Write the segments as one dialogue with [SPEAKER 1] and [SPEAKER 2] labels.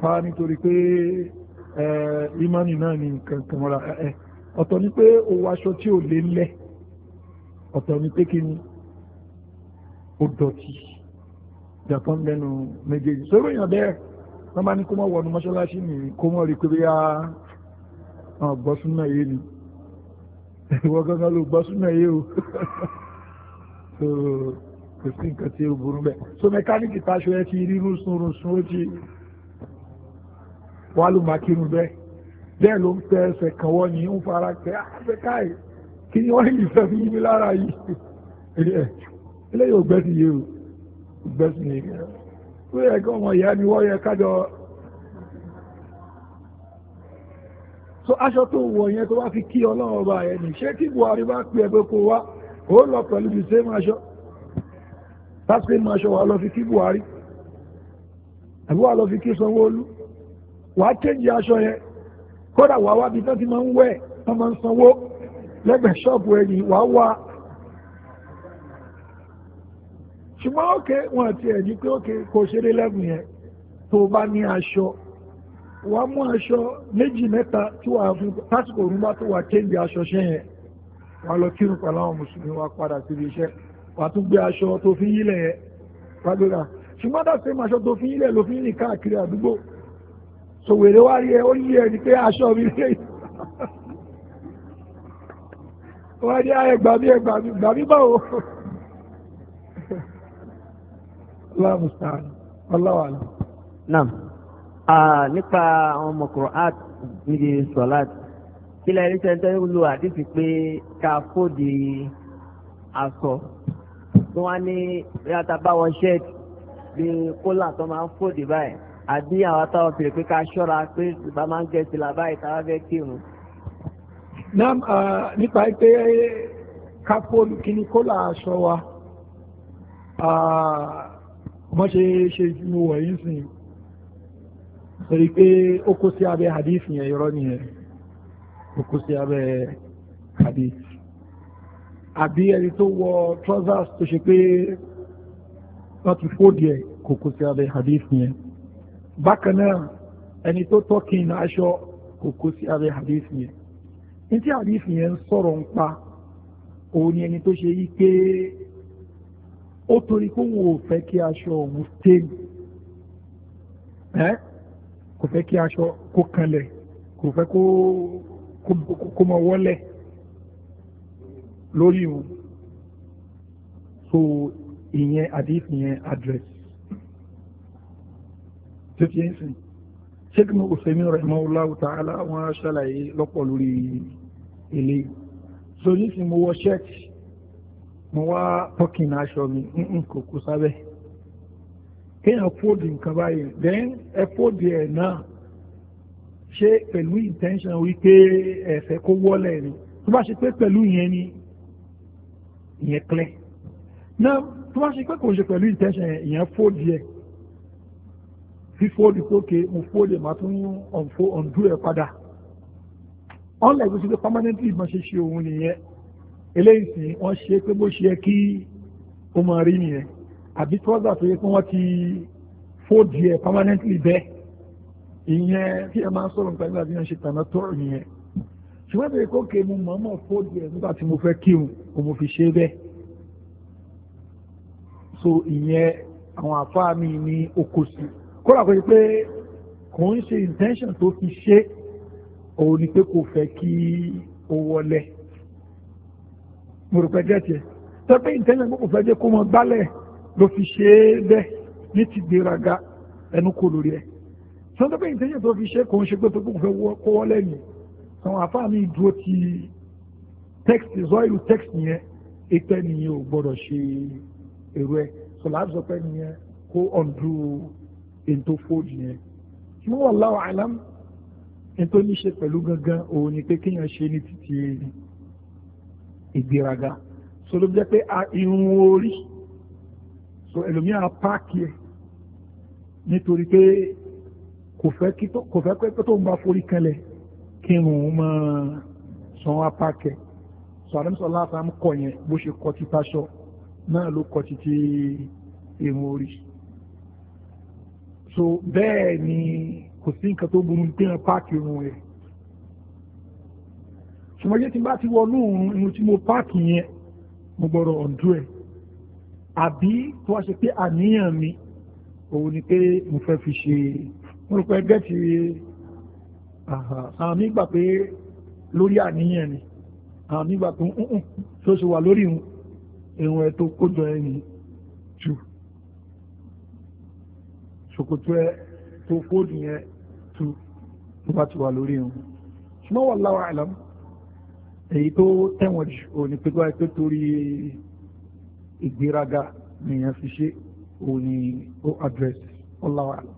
[SPEAKER 1] pa nítorí pé ìmánì náà ní nǹkan kan mọ́ra ẹ̀ ọ̀tọ̀ ni pé owó aṣọ tí ò lé ńlẹ̀ ọ̀tọ̀ ni pé kí ni ó dọ̀tí jàpọ̀ ń lẹ́nu méjèèjì sọ́rọ̀ èèyàn bẹ́ẹ̀ wọ́n bá ní kó mọ̀ wọnú mọ́ṣáláṣí ni kó mọ̀ rí pé bí a gbọ́ súnmọ́ yé ni ìwọ gangan ló gbọ́ súnmọ́ yé o kò sí nǹkan tí ó burú bẹ́ẹ̀ so mẹkáníìkì táṣọ ẹ ti rí rúnsunrunsun ó ti wà ló máa kírun bẹ́ẹ̀ bẹ́ẹ̀ ló ń tẹ ẹsẹ̀ kan wọ́n ní ń fara tẹ àfẹ́ ah, káyì kí ni wọ́n yìí fẹ́ fi yí mi lára yìí eléyìí ò gbẹ́sìn yìí o gbẹ́sìn yìí ó yẹ kí ọmọ ìyá ni wọ́n yẹ kájọ so aṣọ tó wọ̀ yẹn tó wá fi kí ọlọ́run ọba ẹ̀ ní ṣé kí Buhari bá pè ẹgbẹ́ kó wá ó lọ pẹ̀lú the same aṣọ that same aṣọ wà lọ fi kí Buhari àbí wà lọ fi kí Sanwó-Olú wàá change aṣọ yẹn kódà wàá wá bí tán ti máa ń wẹ̀ tán máa ń sanwó lẹ́gbẹ̀ẹ́ ṣọ́ọ̀bù ẹ̀yìn wàá wá ṣùgbọ́n òkè wọn àti ẹ̀yìn pé òkè kò ṣeré lẹ́gùn yẹn tó bá ní aṣọ wàá mú aṣọ méjì mẹ́ta tí wàá fún tásìkò òun bá tó wàá change aṣọ ṣẹ́ yẹn wàá lọ kírun pẹ̀lú àwọn mùsùlùmí wàá padà síbi iṣẹ́ wàá tún gbé aṣọ tó fi yílẹ̀ yẹn wàá gbéra ṣùgbọ́n dàsẹ́ máa aṣọ tó fi yílẹ̀ ló fi ń rìn káàkiri àdúgbò so wèrè wá rí ẹ ó yí ẹ ní pé aṣọ mi lè wọ́n ní ayẹ ah, gbàmí ẹ gbàmí gbàmí báwo aláàmùsàn aláwàlá. naam nípa àwọn ọmọkùnrin art níbi sọlát kílẹ̀ ẹni sẹ́ńtẹ́ ń lo àdìsí pé ká fòdì aṣọ tí wọ́n á ní bí a ta bá wọn ṣẹ́ẹ̀tì bí kólà tó máa ń fòdì báyìí àbí àwọn táwọn fèrè pé ká ṣọ́ra pé bá máa ń jẹ́ ti làbá ìtawá fẹ́ kírun. nam nípa pé ká fóònù kíní kó là aṣọ wa wọ́n ṣe ṣe mo wọ̀ yín sìn torí pé ó kó sí abẹ́ hadith yẹn irọ́ nìyẹn ó kó sí abẹ́ hadith àbí ẹni tó wọ trousers tó ṣe pé wọ́n ti fóòdì ẹ̀ kò kó sí abẹ́ hadith yẹn. bákan náà ẹni tó tọ́kìn aṣọ kò kó sí abẹ́ hadith yẹn ní tí yẹn ń sọ̀rọ̀ ń pa òun ni ẹni tó ṣe yí pé ó torí kó wọn ò fẹ́ kí aṣọ òun stain ẹ́ kò fẹ́ kí aṣọ kó kò kó mọ lórí òun so ìyẹn àdéhùn yẹn address tó fi ń sìn ṣégun òfèmí rahimahullahu ta'ala wọ́n ṣàlàyé lọ́pọ̀ lórí ilé so nísìn mo wọ ṣẹ́ẹ̀tì mo wá pọ́kìn aṣọ mi nǹkan kò kú sábẹ́ kéèyàn fóòdì nǹkan báyìí then ẹ fóòdì ẹ̀ náà ṣe pẹ̀lú intention wípé ẹ̀fẹ́ kó wọ́lẹ̀ ni tó bá ṣe pé pẹ̀lú ìyẹn ni ìyẹn clear náà tó bá ṣe pé kò ṣe pẹ̀lú intention ìyẹn fóòdì ẹ̀ fífóòdì tókè mo fóòdì máa tún ọ̀nfó ọ̀ndú ẹ̀ padà ọ̀nlẹ̀ ìgbésí pé permanently ìbọn ṣe ṣe òun nìyẹn eléyìí sì wọ́n ṣe pé bó ṣe yẹ kí ó máa rí nìyẹn àbí trọ́sà tó yẹ kí wọ́n ti fóòdì ẹ̀ permanently bẹ́ẹ̀ ìyẹn tí ẹ máa ń sọ̀rọ̀ nípa nígbà tí wọ́n ṣe tànà tọ́rọ̀ nìyẹn ṣùgbọ́n bẹ̀rẹ̀ kókè mu mọ̀ọ́mọ̀ fóòdì ẹ̀ nígbà tí mo fẹ́ kírun kò mo fi ṣe bẹ́ẹ̀ so ìyẹn àwọn àfáà mi ní okòsí kóra kò yí pé kò ń ṣe intention tó fi ṣe òun ni pé kò fẹ́ kí ó wọlé mo rò pé gẹ́tì ẹ̀ tẹ́pẹ́ intention kò fẹ́ jẹ́ kó mọ gbálẹ̀ ló fi ṣe é bẹ́ẹ̀ ní ti gbéraga ẹnu kò lórí ẹ̀ sọ́dọ́pẹ́ intention tó fi ṣe kò ń ṣe pé tó kò fẹ́ kó wọlé ni àwọn àfáà mi dúró ti text zọ́ìlù text yẹn ìpẹ́ nìyẹn ò gbọ́dọ̀ ṣe èrò ẹ̀ sọ̀lá àbùsọ̀pẹ́ nìyẹn kó ọ̀ndúró èyí tó fóòdù yẹn tí wọ́n wà láwọ̀ àlám ẹni tó pẹ̀lú gangan òun ni pé kéèyàn ṣe ní títí ìgbéraga so ló jẹ́ pé irun orí so ẹlòmíà páàkì ẹ̀ nítorí pé kò fẹ́ pé tó ń bá forí kanlẹ̀ kí irun máa san wá páàkì ẹ̀ so àdámsọ̀ láàfáà kọ̀ yẹn bó ṣe kọ ti táṣọ náà ló kọ ti ti irun orí so bẹ́ẹ̀ ni kò sí nǹkan tó burú pé wọn páàkì irun rẹ̀ ṣùgbọ́n yé tí n bá ti wọnú òun irun tí mo páàkì yẹn mo gbọ́dọ̀ ọ̀dú ẹ̀ àbí tó wá ṣe pé àníyàn mi òun ni pé mo fẹ́ fi ṣe mo rò pé ẹgbẹ́ ti àmì gbà pé lórí àníyàn ni àmì gbà pé tó ṣe wà lórí irun ẹ̀ tó kójọ ẹ̀ nìyí jù ṣòkòtò ẹ tó kóòdù yẹn tu tó bá ti wà lórí wọn ṣùgbọ́n wallahu a'lam èyí tó tẹ̀wọ̀n jù òní pé báyìí tó torí ìgbéraga nìyẹn fi ṣe òní ó address wallahu a'lam.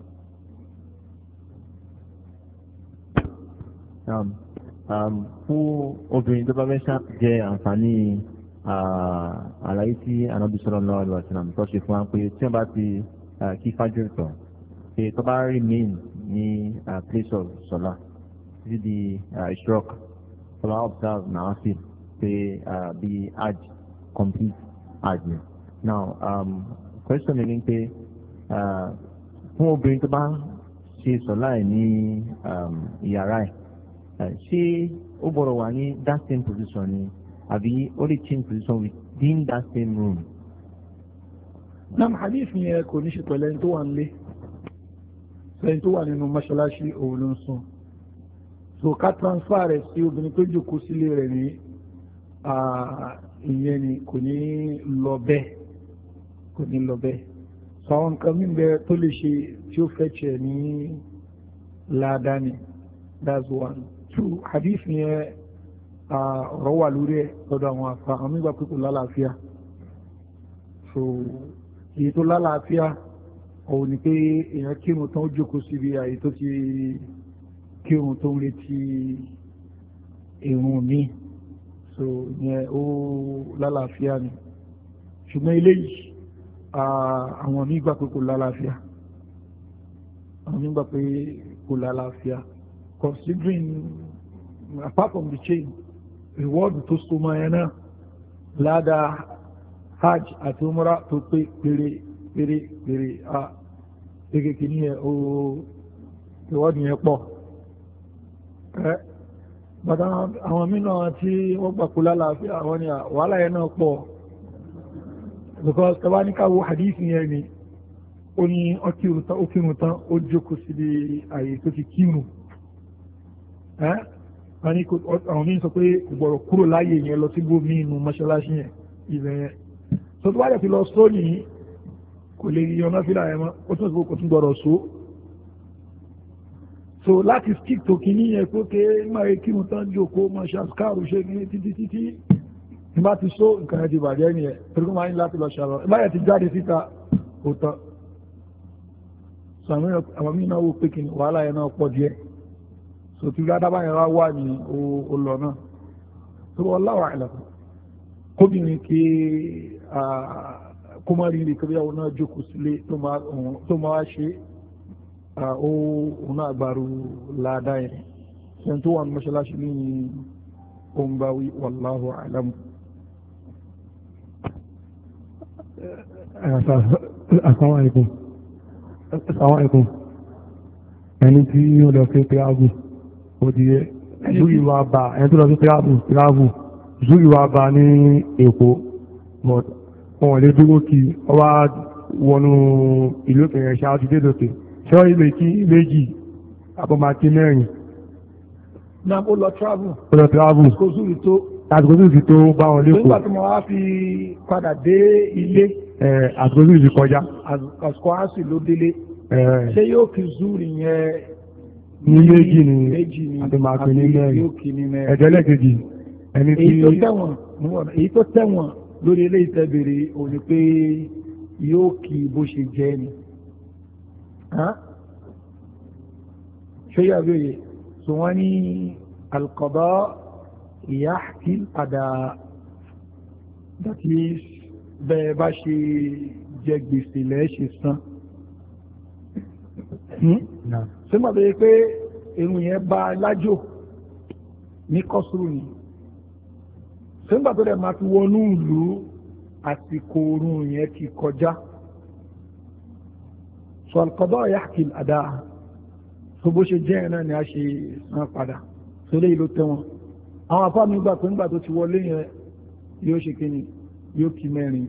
[SPEAKER 1] fún obìnrin tó bá fẹ́ jẹ àǹfààní àlàyé tí anábìsọ̀rọ̀ náà lọ́wọ́ àti nàmùtọ́ ṣe fún wa pé tí wọ́n bá ti kí fájú ìtàn pé eh, tó bá remain ní uh, place of sola títí di uh, ishrok sola observe náà sí pé uh, bí hajj complete hajj yẹn. now um, question mi ni pé fún obìnrin tó bá ṣe sola ẹ̀ ní um, yàrá ẹ̀ ṣé ó gbọ́dọ̀ wà ní that same position ni àbí ó lè change position within that same room. nam hadith yẹn kò ní ṣe pẹ̀lẹ́ tó wà nílé lẹ́yìn tó wà nínú mọ́ṣáláṣí òun ló ń sùn so ká transfer rẹ̀ sí obìnrin tó jòkó sílé rẹ̀ ní ìyẹn ni kò ní lọ bẹ́ẹ̀ kò ní lọ bẹ́ẹ̀ so àwọn nǹkan mí bẹ tó lè ṣe tí ó fẹ́ tiẹ̀ ní ládàá ni that's one two hadith yẹn ọ̀rọ̀ wà lórí ẹ̀ lọ́dọ̀ àwọn afa àwọn mígbà pípò lálàáfíà so èyí tó lálàáfíà òun ni pé èèyàn kírun tán ó jókòó síbi àyè tó ti kírun tó ń retí irun mi so yẹn ó lálàáfíà ni ṣùgbọ́n eléyìí àwọn mi gbà pé kò lálàáfíà àwọn mi gbà pé kò lálàáfíà considering apart from the chain reward tó so mọ́ ẹ náà ládàá hajj àti umrah tó pé péré péré péré a kékeré ní ẹ ooo ìwọ́dì yẹn pọ̀ ẹ bàtà àwọn mìíràn tí wọ́n gbàkú lálàáfíà àwọn ni wàhálà yẹn náà pọ̀ because tọ́wá ní káwọ́ hadith yẹn ni ó ní ọkírun tán ó jókòó síbi àyè tó ti kírun àwọn míín sọ pé kò gbọ́dọ̀ kúrò láyè yẹn lọ sí gómìnà mọ́ṣáláṣí yẹn ibẹ̀ yẹn tó tó wáyà fi lọ sóòlì kò lè yọ náfílà yẹn mọ́ ó tún kò tún gbọ́dọ̀ so so láti stick to kìíní yẹn kó ké máa yẹ kírun tán jòkó máa ṣe àṣkáàrù ṣe ní títí títí ní bá ti so nǹkan yẹn ti bàjẹ́ nìyẹn torí kó máa ń láti lọ ṣàlọ́ ẹ báyẹn ti jáde síta ó tán so àwọn mí náà wò pé kìíní wàhálà yẹn náà pọ̀ díẹ̀ so tí ládàbà yẹn wá wà ní olọ náà so wallahu a'lam kóbìnrin kí kó má rí rí kébí àwọn náà jókòó sílé tó máa ṣe òun náà gbàrú ládàá yẹn ṣe tó wà ní mọ́ṣáláṣí ní ombawi wallahu alam. Assalamu alaikum. Assalamu alaikum. Ẹni tí yóò lọ sí Pirabu, ó di ẹ́. Zúrì wa bá ẹni tó lọ sí Pirabu, Pirabu, Zúrì bá ní Èkó, wọn lè dúró kí ọwá wọnú ìlú kẹrẹ ṣáà ti dédòkè ṣọ́ ilé kí méjì àbọ̀màkí mẹ́rin. na ó lọ travel. ó lọ travel. kò sùúrù tó. àsìkò sùúrù tó bá wọn lẹ́kọ̀ọ́. nígbà tí mo wá fi padà dé ilé. àsìkò sùúrù ti kọjá. àsìkò àásì ló délé. ṣé yóò kí zúrì yẹn. ní méjì ni àbọ̀màkí ní mẹ́rin. ẹ̀jẹ̀ lẹ́kẹ̀jì. èyí tó tẹ̀wọ̀n èyí tó tẹ̀wọ̀n lórí ilé ìtẹ́bèrè òun ni pé yóò kí bó ṣe jẹ́ ni ṣéyà lóye so wọ́n ní alkọ̀dọ́ ìyá kí padà that is bẹ́ẹ̀ bá ṣe jẹ gbèsè lẹ́ẹ̀ṣẹ̀ san sígbà tó yẹ pé irun yẹn bá lájò ní kọ́sùrù ni sẹ́ńgbà tó dẹ̀ máa fi wọnú ìlú àsìkò oorun yẹn ti kọjá sọ alqada yahki al-adaa tó bó ṣe jẹ́ náà ni a ṣe san padà tó lé ìlú tẹ́wọ̀n àwọn afá mi gbà pé ńgbà tó ti wọlé yẹn yóò ṣe kí ni yóò kí mẹ́rin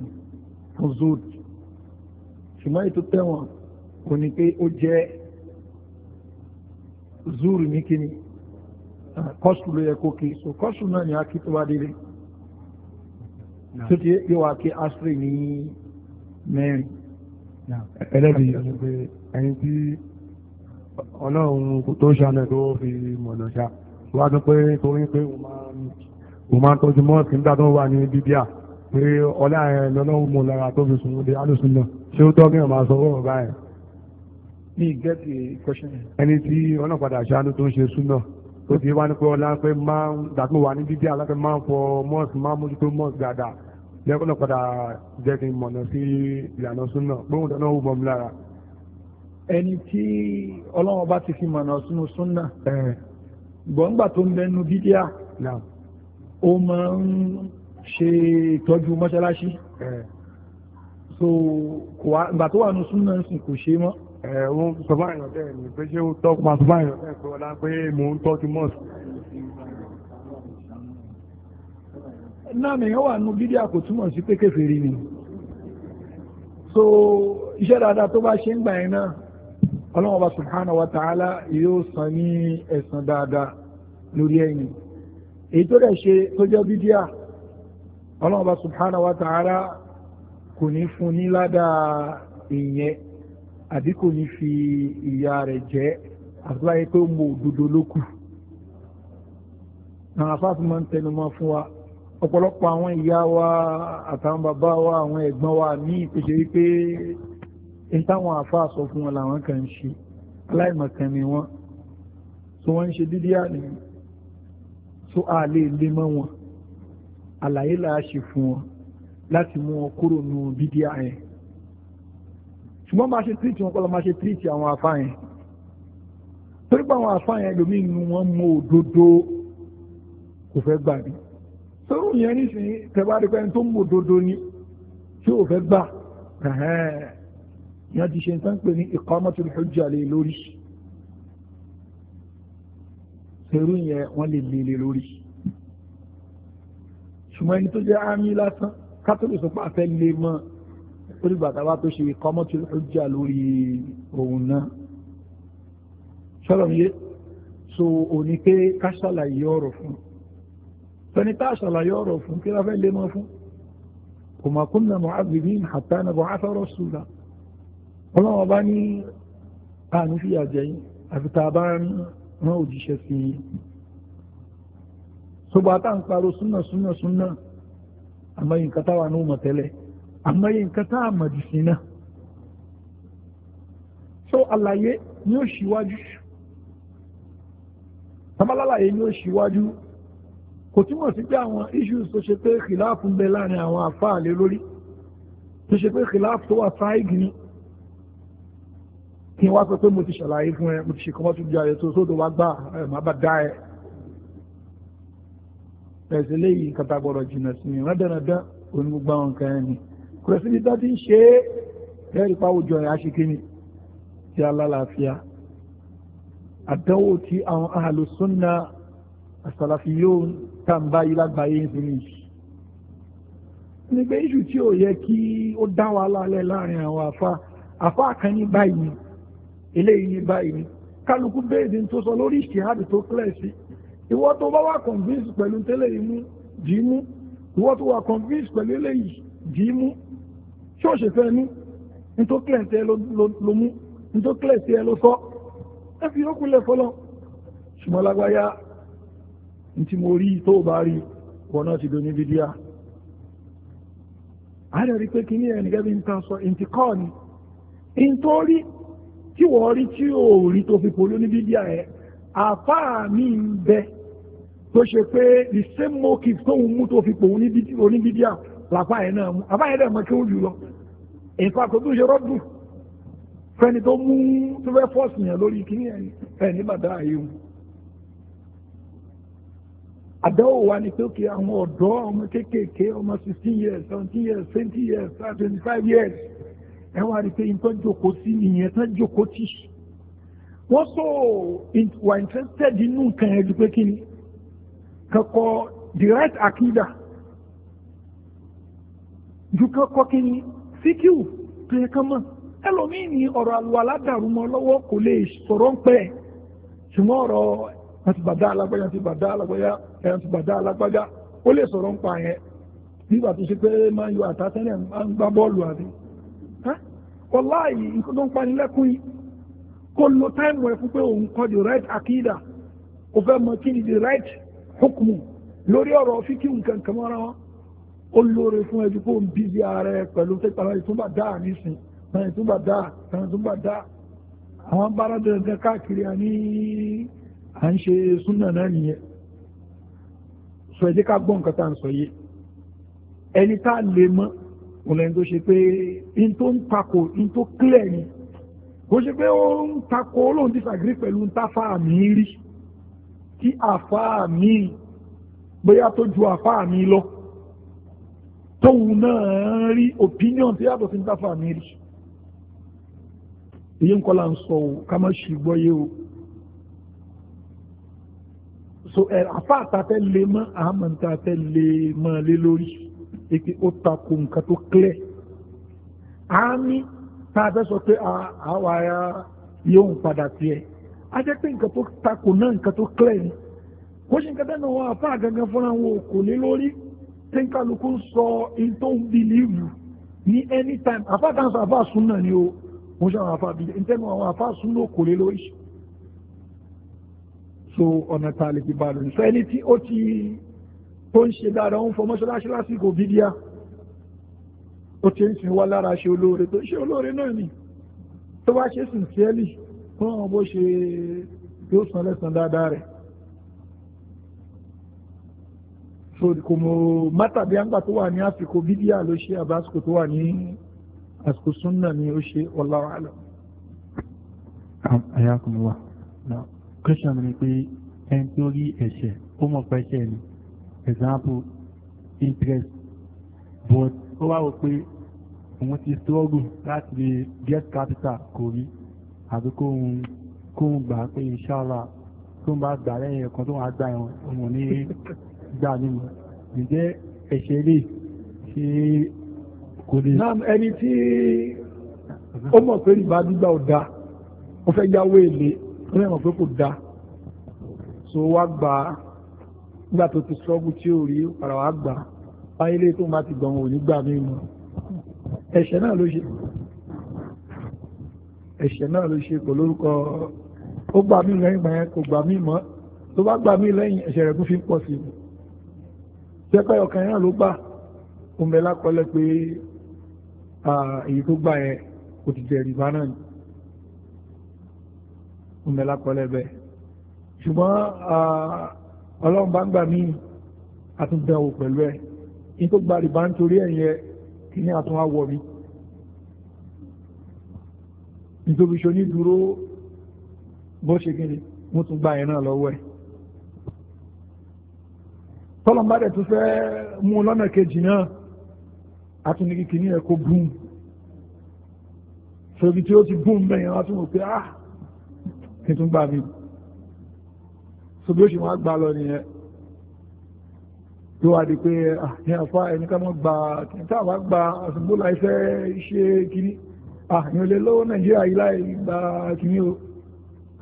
[SPEAKER 1] fún zood ṣùgbọ́n ètò tẹ́wọ̀n kò ní pé ó jẹ́ zood ní kí ni kọ́sù ló yẹ kó kí so kọ́sù náà ni a kí tó wá délé tó ti yé wa kí asiri ní mẹ́rin. ẹlẹ́bi ẹni tí ọlọ́run tó ṣàánú tó fi mọ̀nà ṣá wá tó pé torí pé mo máa ń tọ́jú mọ́ọ̀sì nígbà tó wà ní bíbíà pé ọlá ẹ̀ lọ́lọ́run mo lára tó fi sùn lé alùsùn náà ṣé ó tọ́ kí ọ̀ máa sọ wọ́n báyìí. mi get the question. ẹni tí ọlọ́pàá ṣàánú tó ń ṣe súnà tó ti wá ní pé ọlá pé máa ń dàtún wà ní dídí aláfẹ́ máa ń fọ mọ́ọ̀sì máa ń mójútó mọ́ọ̀sì dáadáa lẹ́kọ̀ọ́ náà padà jẹ́ kí n mọ̀nà sí ìlànà súnà gbóhùn dáná ó bọ̀ mí lára. ẹni tí ọlọ́run bá ti fi mọ̀nà sínú súnà gbọ̀ngbà tó ń bẹnu dídíà ó máa ń ṣe ìtọ́jú mọ́ṣáláṣí so ìgbà tó wà nù súnà ń sìn kò ṣe mọ́ ẹ̀hún sọmáyàn tẹ́ ní pé ṣé ó tọ́pa sọmáyàn tẹ́ pé ọlá pé mò ń tọ́jú mọ́ọ̀sì. náà nìyẹn wà nù bídí àkó sí pé kèfèrí ni so iṣẹ́ dáadáa tó bá ṣe ń gbà yẹn náà ọlọ́run ọba subhanahu wa ta'ala yóò san ní ẹ̀san dáadáa lórí ẹ̀yìn èyí tó dẹ̀ ṣe tó jẹ́ bídí à ọlọ́run ọba subhanahu wa ta'ala kò ní fún ní ládàá ìyẹn àbí kò ní fi ìyá rẹ̀ jẹ́ àbúrò ayé pé ó mọ òdodo lókù àwọn afáàfin máa ń tẹnu mọ́ fún wa ọ̀pọ̀lọpọ̀ àwọn ìyá wa àtàwọn bàbá wa àwọn ẹ̀gbọ́n wa ní ìpèsè wípé n táwọn àfáà sọ fún wọn làwọn kan ń ṣe aláìmọ̀kan ni wọ́n so wọ́n ń ṣe dídí àná so a lè lé mọ́ wọn àlàyé là ṣe fún wọn láti mú wọn kúrò nù bídí àyẹn ṣùgbọ́n máa ṣe tírìtì wọn kọ́lọ́ máa ṣe tírìtì àwọn afáyẹn torí pé àwọn afáyẹn ẹlòmíì nu wọn mọ òdodo kò fẹ́ gbà ní sọ́rọ̀ yẹn nísìnyí tẹ̀wárí pẹ́ni tó mọ òdodo ni tí ò fẹ́ gbà yẹn ti ṣe ń tán pé ní iqamatul hujja lé lórí ṣerú yẹn wọ́n lè lè lórí ṣùgbọ́n ẹni tó jẹ́ àmì lásán kátólù sọ pé àfẹ́ lè mọ́ ọ ó dìgbà tá a bá tó ṣe ìkọ́mọ́tì ìjà lórí òun náà sọ́rọ̀ mi yé so òní pé ká ṣàlàyé ọ̀rọ̀ fún tọ́ni tá a ṣàlàyé ọ̀rọ̀ fún kí láfẹ́ lé mọ́ fún kò mà kún nà mu'adhibin hatta nab'atha rasula ọlọ́wọ́n bá ní àánú fìyà jẹ yín àfi tá a bá rán òjíṣẹ́ sí yín sọgbà tá à ń parọ́ súnà súnà súnà àmọ́ nǹkan táwa ní òmọ̀ tẹ́lẹ̀ àmọ́yé nǹkan tá a so àlàyé ni ó ṣíwájú tabalálàyé ni ó ṣíwájú kò túmọ̀ sí pé àwọn issues tó ṣe pé kìláàfù ń bẹ láàrin àwọn àfáà lé lórí tó ṣe pé kìláàfù tó wà fáìgì ni kí wá sọ pé mo ti ṣàlàyé fún ẹ mo ti ṣe kọ́mọ́ tó di tó sódò wá gbà ẹ má bá dá ẹ ẹ̀sẹ̀ léyìí nǹkan tá jìnnà sí ni rán onígbàwọn kan ẹni kùrẹ́sìbí tó ti ń ṣe é lẹ́rìí pàwùjọ ẹ̀ aṣèkéni tí alálàáfíà àdánwò tí àwọn ahàlùsúnnà àsàlàfíyóò tàǹbá yìí lágbàáyé ń sinmi yìí ní pé iṣu tí ó yẹ kí ó dá wa lálẹ́ láàrin àwọn àfa àfa kan ní báyìí eléyìí ní báyìí kálukú béèdì tó sọ lórí ìṣèhádì tó kílẹ̀ sí ìwọ tó bá wà convince pẹ̀lú tẹ́lẹ̀ ìmú dìímú ìwọ tó wà convince pẹ̀lú eléyìí dì í mú ṣé ò ṣe fẹ́ ní nítorí kílẹ̀ tẹ́ ló mú nítorí kílẹ̀ tẹ́ ló sọ ẹ fi yókù lẹ̀ fọlọ́ ṣùgbọ́n lágbáyà ntí mo rí tó bá rí wọn náà ti do ní fídíà àárẹ̀ rí pé kí ní ẹnì gẹ́gẹ́ bí nǹkan sọ ntí kọ́ ni nítorí tí wọ́n rí tí ò rí tó fi polú ní fídíà yẹn àfáà mi ń bẹ tó ṣe pé the same motive tóun mú tó fi pòun ní fídíà lápá yẹn náà mú àbá yẹn dẹ̀ mọ kí ó jù lọ nǹkan àkótó ṣe rọ́dù fẹ́ni tó mú tó fẹ́ fọ́ọ̀sì yẹn lórí kíní yẹn ẹ̀ ní bàtà ayé mu. àdáwò wa ni pé kí àwọn ọ̀dọ́ ọmọ kéékèèké ọmọ sixteen years seventeen years twenty years twenty five years ẹ wá rí pé nǹkan jòkó sí nìyẹn tán jòkó tì wọ́n so wà interested nínú nǹkan ẹ̀ ju pé kí ni kankan the right akida ju kan kọ́ kí ni fíkìú tó yẹ kán mọ̀ ẹlòmíì ní ọ̀rọ̀ àlùwà aládàrú mọ́ lọ́wọ́ kò lè sọ̀rọ̀ ń pẹ́ ṣùgbọ́n ọ̀rọ̀ àti bàdá alágbájá àti bàdá alágbájá àti bàdá alágbájá ó lè sọ̀rọ̀ ń pa yẹn nígbà tó ṣe pé máa yọ àtàtẹ́lẹ̀ máa ń gbá bọ́ọ̀lù àti wọláàyè nǹkan tó ń panilẹ́kùn yìí kó lo táìmù ẹ̀ fún pé òun kọ́ the right akida ó fẹ́ mọ kí ni the right hukumu lórí ọ̀rọ̀ fíkì nǹkan kan mọ́ra wọn ó lóore fún ẹjú kó ń bí sí ààrẹ pẹ̀lú pé tàbí ìtúbà dáa nísìn tàbí ìtúbà dáa tàbí ìtúbà dáa àwọn bára dandan káàkiri a ní à ń ṣe súnà náà nìyẹn sọ ẹjẹ́ ká gbọ́ nǹkan tá à ń sọ yé ẹni tá a lè mọ́ òun tó ṣe pé n tó ń takò n tó clear ni kò ṣe pé ó ń takò ó lòun disagree pẹ̀lú ń táfà mí rí kí àfà mí bóyá tó ju àfà mí lọ tóun náà rí opinion tí yàtọ̀ sí ní táfà mi rí èyí ń kọ́ là ń sọ o ká má ṣì gbọ́ yé o so ẹ afa àtàtẹ lè mọ àmọ́ ntàtẹ lè mọ lé lórí èpè ó takò nǹkan tó clear àmì tá a fẹ́ sọ pé àwa ya yóò ń padà tiẹ̀ a jẹ́ pé nǹkan tó takò náà nǹkan tó clear ni kó ṣe nǹkan tẹ́nu wọn afa gangan fúnra wọn ò kò lé lórí tẹ́ńkálukú ń sọ in tó ń bìlíìvù ní anytime àfáàkànṣe àfáàsùn náà ni o wọ́n ṣe àwọn àfáàbí ìtẹ́nu àwọn àfáàsùn ló kò lé lórí so ọ̀nà tá a lè fi bá lónìí so ẹni tí ó ti tó ń ṣe dáadáa ó ń fọ mọ́ṣáláṣí lásìkò bídíà ó ti ń sin wá lára ṣe olóore tó ṣe olóore náà ni tó bá ṣe sincerely fún àwọn bó ṣe yóò san lẹ́san dáadáa rẹ̀ so kò mọ̀ mátàbí àgbà tó wà ní àsìkò bídíà ló ṣe àbá àsìkò tó wà ní àsìkò súnà ni ó ṣe wallahu alam. àyàkùn wa kírísítà mi ni pé ẹni tó rí ẹ̀ṣẹ̀ ó mọ̀ pé ẹ̀ṣẹ̀ ni example interest but ó wá wò pé òun ti struggle láti lè get capital kò rí àbí kóhun kóhun gbà pé inshallah tó ń bá gbà lẹ́yìn ẹ̀kan tó wà gbà ẹ̀wọ̀n òun ní gbà nínú ǹjẹ́ ẹ̀ṣẹ̀ lè ṣe kò lè. náà ẹni tí ó mọ̀ pé rìbá gbígbà ò da ó fẹ́ yáwó èlé ó mọ̀ pé kò da so wá gbà á nígbà tó ti sọ́gù tí ò rí padà wá gbà á báyé lè tó máa ti gbọ̀n òní gbà mí mu ẹ̀ṣẹ̀ náà ló ṣe ẹ̀ṣẹ̀ náà ló ṣe kò lórúkọ ó gbà mí lẹ́yìn mọ́ kò gbà mí mọ́ tó bá gbà mí lẹ́yìn ẹ̀ṣẹ̀ rẹ̀ kún fi ń pọ̀ sí i jẹ́pẹ́ ọ̀kan yẹn ló gbà ó mẹ́lá kọ́lẹ̀ pé èyí tó gbà yẹn kò ti jẹ́ rìbá náà ni ó mẹ́lá kọ́lẹ̀ bẹ́ẹ̀ ṣùgbọ́n ọlọ́run bá ń gbà míì àtúndẹ̀wò pẹ̀lú ẹ̀ ní tó gba rìbá nítorí ẹ̀yẹ kí ní àtúnwáwọ̀ mi nítorí ṣonídúró bó ṣe kí ni wọ́n tún gbà yẹn náà lọ́wọ́ ẹ̀ tọ́lọ̀mbá dẹ̀ tó fẹ́ mú lọ́nà kejì náà atúnikì kìíní ẹ̀ kó bùn ṣòbí tí ó ti bùn bẹ́yẹn wá tún wò pé ah kí tún gbà mí ṣòbí ó ṣe wọ́n á gbà lọ nìyẹn tó wá di pé ah ní àfa ẹni ká mọ́ gbà kí n táwa gba àṣùgbó láì fẹ́ ṣe kìíní ah ìyọ̀lẹ́ lọ́wọ́ nàìjíríà yìí láì gba kìíní o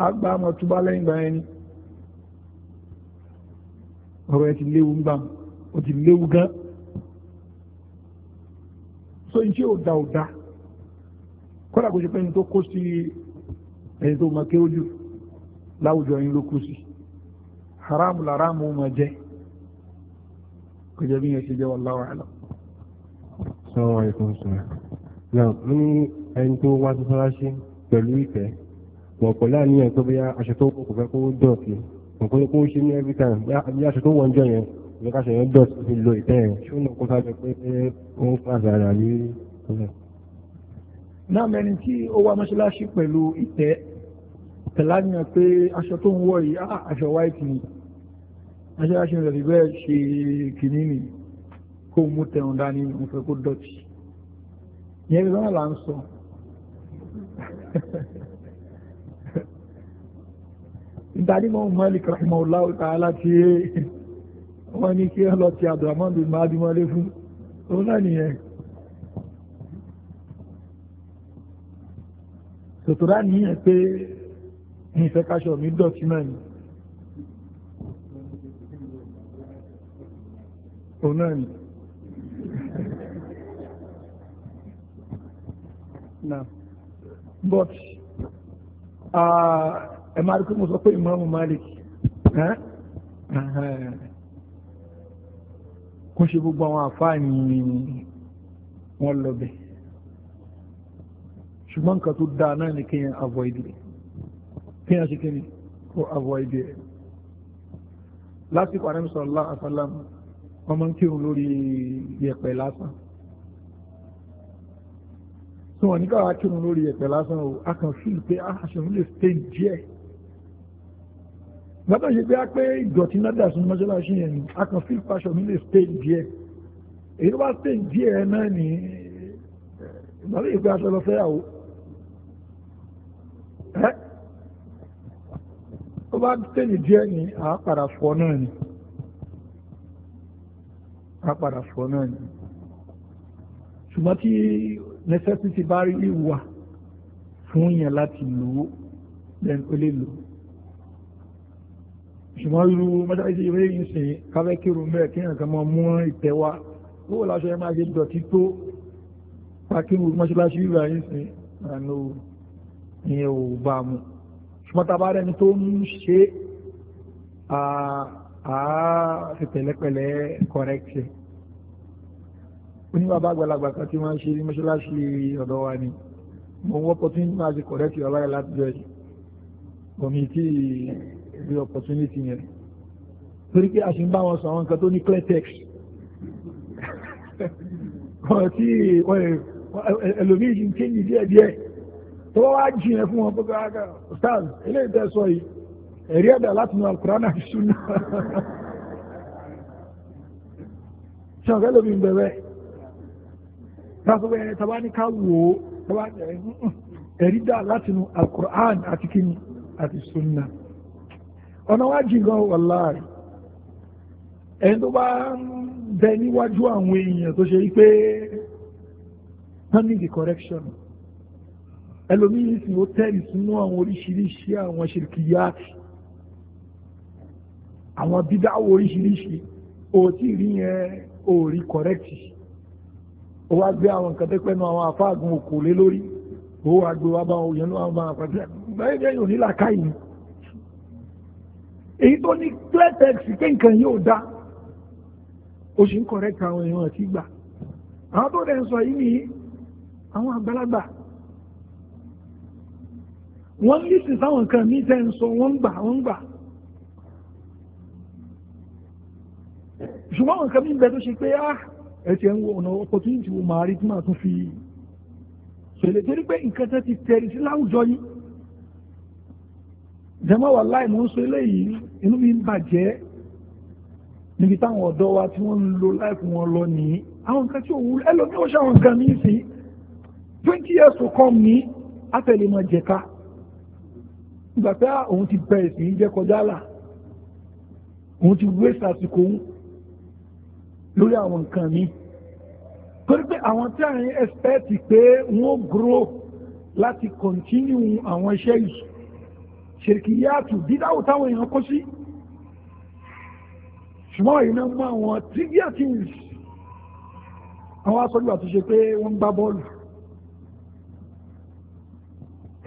[SPEAKER 1] á gbà mọ́ túbá lẹ́yìn gbà ẹni ọ̀rọ̀ ẹ ti léwu gbà ó ti léwu gan so n ṣe òdà òdà kọ́dà kò ṣe pé ẹni tó kó sí ẹni tó máa kéwò jù láwùjọ yín ló kú sí haramu làrámù máa jẹ kò jẹ bí yẹn ṣe jẹ wallahu a'lam. sọ́wọ́n àìkún sọ̀rọ̀ náà mo ní ẹni tó wá sí fọláṣí pẹ̀lú ìfẹ́ wọ̀pọ̀ láàníyàn tó bí aṣọ tó kò fẹ́ kó dọ̀tí nǹkan yẹ ṣe ní every time bí aṣọ tó wọ́n jọ yẹn lọ́ka ṣe yẹn dọ̀tí fi lo ìtẹ́ yẹn ṣé ó nà kó sábẹ́ pé ó ń fà sára ní ìpínlẹ̀. náà mẹ́rin tí ó wá mọ́ṣáláṣí pẹ̀lú ìtẹ́ tẹ̀lá ni pé aṣọ tó ń wọ̀ yìí ah, aṣọ wáìtì ni mọ́ṣáláṣí rẹ̀ fi bẹ́ẹ̀ ṣe kìnnìnì kó mú tẹ̀hún dání òun fẹ́ kó dọ̀tí. ìyẹn bí wọ́n là ń sọ ìgbàdí mọ́ Malik rahimahullah ta'ala tí wọ́n ní kí ọlọ́ ti Abdurrahman bin Mahdi mọ́lé fún òun náà nìyẹn tòtòrá nìyẹn pé ní ìfẹ́ káṣọ mi dọ̀tí náà ni òun náà ni but uh, ẹ máa rí pé mo sọ pé ìmáàmù Malik kó ṣe gbogbo àwọn àfáà ní wọ́n lọ bẹ̀ ṣùgbọ́n nǹkan tó dáa náà ni kéèyàn avoid rẹ̀ kéèyàn ṣe kéèyàn kó avoid rẹ̀ lásìkò àrẹ́mí sallallahu alaihi wasallam wọ́n máa ń kírun lórí yẹ̀pẹ̀ lásán tí wọ́n ní káwá kírun lórí yẹ̀pẹ̀ lásán o a kàn fíìl pé a ṣe ń lè stay díẹ̀ bàbá ṣe pé a pé ìdọ̀tí nádà sún mọ́ṣáláṣí yẹn ni a kàn fi pàṣọ mi lè stay díẹ̀ èyí tó bá stay díẹ̀ náà ni bàbá yìí pé aṣọ lọ fẹ́yàwó ẹ́ tó bá stay díẹ̀ ni a padà fọ náà ni a padà fọ náà ni ṣùgbọ́n tí necessity bá rí ìwà fún yẹn láti lò ó then ó lè lò ó ṣùgbọ́n irú mọ́tàlẹ́sì ìwé yìí sìn káfẹ́ kírun bẹ́ẹ̀ kí nǹkan máa mú ìtẹ́ wá owó láṣọ ẹ máa ṣe dọ̀tí tó pàkíwù mọ́ṣáláṣí ìwà yìí sìn àná ìyẹn ò bá mu ṣùgbọ́n tá a bá rẹni tó ń ṣe àá fi pẹ̀lẹ́pẹ̀lẹ́ kọ̀rẹ́kì oníbàbá àgbàlagbà kan tí wọ́n ṣe ní mọ́ṣáláṣí ọ̀dọ́ wa ni mo wọ́pọ̀ tí máa ṣe kọ̀rẹ́kì ọláyà látijọ́ yìí the opportunity yẹn torí pé a ṣe ń bá wọn sọ àwọn nǹkan tó ní clear text ọ̀rọ̀ tí ẹlòmíì ṣe ń kéyìn díẹ̀ díẹ̀ tó wá jìnà fún wọn pé stars eléyìí tẹ́ sọ yìí ẹ̀rí ẹ̀dà láti nu alukurana ṣúná ṣọ̀gá lómi ń bẹ̀rẹ̀ káfíwẹ̀ ẹni tàbá ní ká wò ó tàbá ẹ̀rí dà láti nu alukuran àti kíni àti ṣúná ọ̀nà wá jìn gan wàláhì ẹni tó bá ń bẹ níwájú àwọn èèyàn tó ṣe wípé handling the correction ẹlòmíyìn sì ó tẹ́rì sínú àwọn oríṣiríṣi àwọn ṣìrìkìyàtì àwọn bídáwò oríṣiríṣi o tí rí yẹn o rí kọ̀rẹ́kì o wá gbé àwọn nǹkan tẹ́pẹ́ nu àwọn afáàgùn òkòlé lórí wá gbé wá bá òyìnbó àwọn àpàtì báyìí bẹ́ẹ̀ yóò nílà káyìí èyí tó ní clear text pé nǹkan yóò dá si sì ń correct àwọn èèyàn àti gbà àwọn tó dẹ̀ ń sọ yìí nìyí àwọn àgbàlagbà wọ́n ń lísìn sáwọn nǹkan ní tẹ́ ń sọ wọ́n ń gbà wọ́n ń gbà ṣùgbọ́n àwọn mi bẹ tó ṣe pé á ah, ń wo ọ̀nà opportunity wo màá rí tí màá tún fi ṣèlè torí pé nǹkan ti tẹ̀rí sí láwùjọ jẹmọ́ wà láì mọ́ ń sọ eléyìí inú mi ń bàjẹ́ níbi táwọn ọ̀dọ́ wa tí wọ́n ń lo láìpù wọn lọ ní àwọn nǹkan tí ò wúlò ẹlòmí ó ṣàwọn nǹkan ní sí twenty years to come ní àtẹlẹmọ̀ jẹ̀ka ìgbà pé ah, òun ti bẹ ìsìn jẹ́ kọjá là òun ti wé sàsìkò òun lórí àwọn nǹkan mi torí pé àwọn tí à ń expect pé wọ́n grow láti continue àwọn iṣẹ́ yìí ṣèkìyàtù dídáwò táwọn èèyàn kó sí ṣùgbọ́n ìná mọ́ àwọn trivia things àwọn aṣojú àtúnṣe pé wọ́n ń gbá bọ́ọ̀lù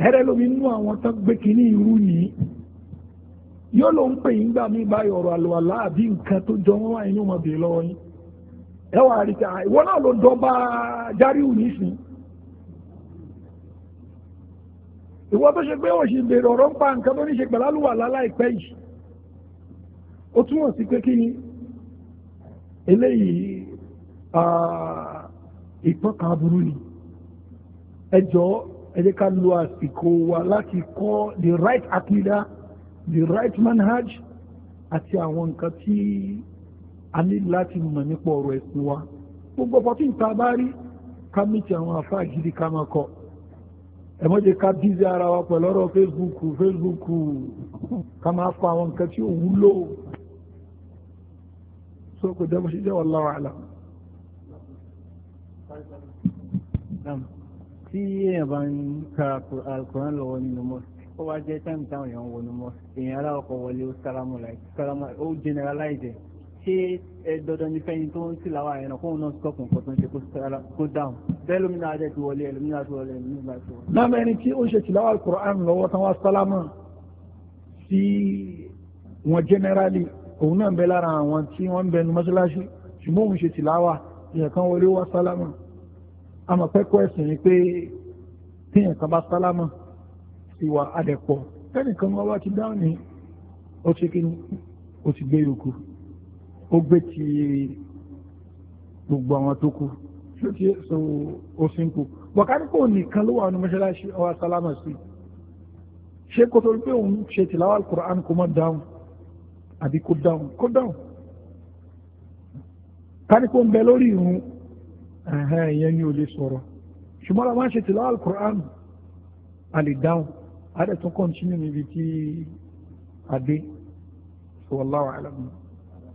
[SPEAKER 1] ẹ̀rẹ́ lómi nínú àwọn tán gbé kínní irú yìí yóò ló ń pè yín gbà mí báyọ̀ ọ̀rọ̀ àlùwàlá àbí nǹkan tó jọ wọ́n wáyé ní ọmọbìnrin lọ́wọ́ yín ẹ wà ah, ìwọ náà ló dọ́ba járíù nísìn ìwọ tó ṣe pé ó ṣe bèèrè ọ̀rọ̀ ń pa nǹkan tó ní ṣe pẹ̀láwà láláìpẹ́ yìí ó túmọ̀ sí pé kí ni eléyìí ìpọ́nkan aburú ni ẹjọ́ ẹ ká lo àsìkò wa láti kọ́ the right akida the right manhaj àti àwọn nǹkan tí a ní láti mọ̀ nípa ọ̀rọ̀ ẹ̀sìn wa gbogbo ọ̀pọ̀ tí ìta bá rí ká mìtì àwọn àfáà ká máa kọ́ ẹ mọ́ jẹ́ ká bízi ara wa pẹ̀lú ọ̀rọ̀ facebook facebook ká máa fa àwọn nǹkan tí ò wúlò so kò dẹ́mọ̀ sí jẹ́ wallahu a'lam. tí èèyàn bá ń ka alukoran lọ́wọ́ nínú mọ́sí ó wá jẹ́ táìmù táwọn èèyàn ń wọnú mọ́sí èèyàn aláwọ̀ kọ̀ wọlé ó sálámù láì ó generalize ṣé dandan ní fẹ́yìn tó ń sì láwà ẹ̀ràn kóun náà stop nǹkan tó ń ṣe kó dáhùn bẹ́ẹ̀ lómìnira adé ti wọlé ẹlòmínira ti wọlé ẹlòmínira ti wọlé. náà mẹ́rin tí ó ṣe tìláwà Al-Qur'an lọ́wọ́ tán wá sálámà sí wọn jẹ́nẹ́rálì òun náà ń bẹ lára àwọn tí wọ́n ń bẹnu mọ́ṣáláṣí ṣùgbọ́n òun ṣe tìláwà ìyẹn kan wọlé wá sálámà àmọ́ pẹ́kọ́ ẹ̀sìn ni pé tíyẹn kan bá sálámà sí wa adẹ̀pọ̀ kẹ́nìkan wọ́n wá ti dáhùn ní ó ṣe kí ni ó ó gbé ti gbogbo àwọn tó kù ṣó ti so ó sínkù bọ̀kánípò nìkan ló wà ní mọ́ṣáláṣí ọwọ́ sálámà sí ṣé kó tó pé òun ṣe tìláwà Al-Qur'an kó mọ́ dáhùn àbí kó dáhùn kó dáhùn kánípò ń bẹ lórí ìrún ìyẹn ni ò lè sọ̀rọ̀ ṣùgbọ́n àwọn ṣe tìláwà Al-Qur'an a lè dáhùn a dẹ̀ tún kọ́ntínú níbi tí adé sọ wallahu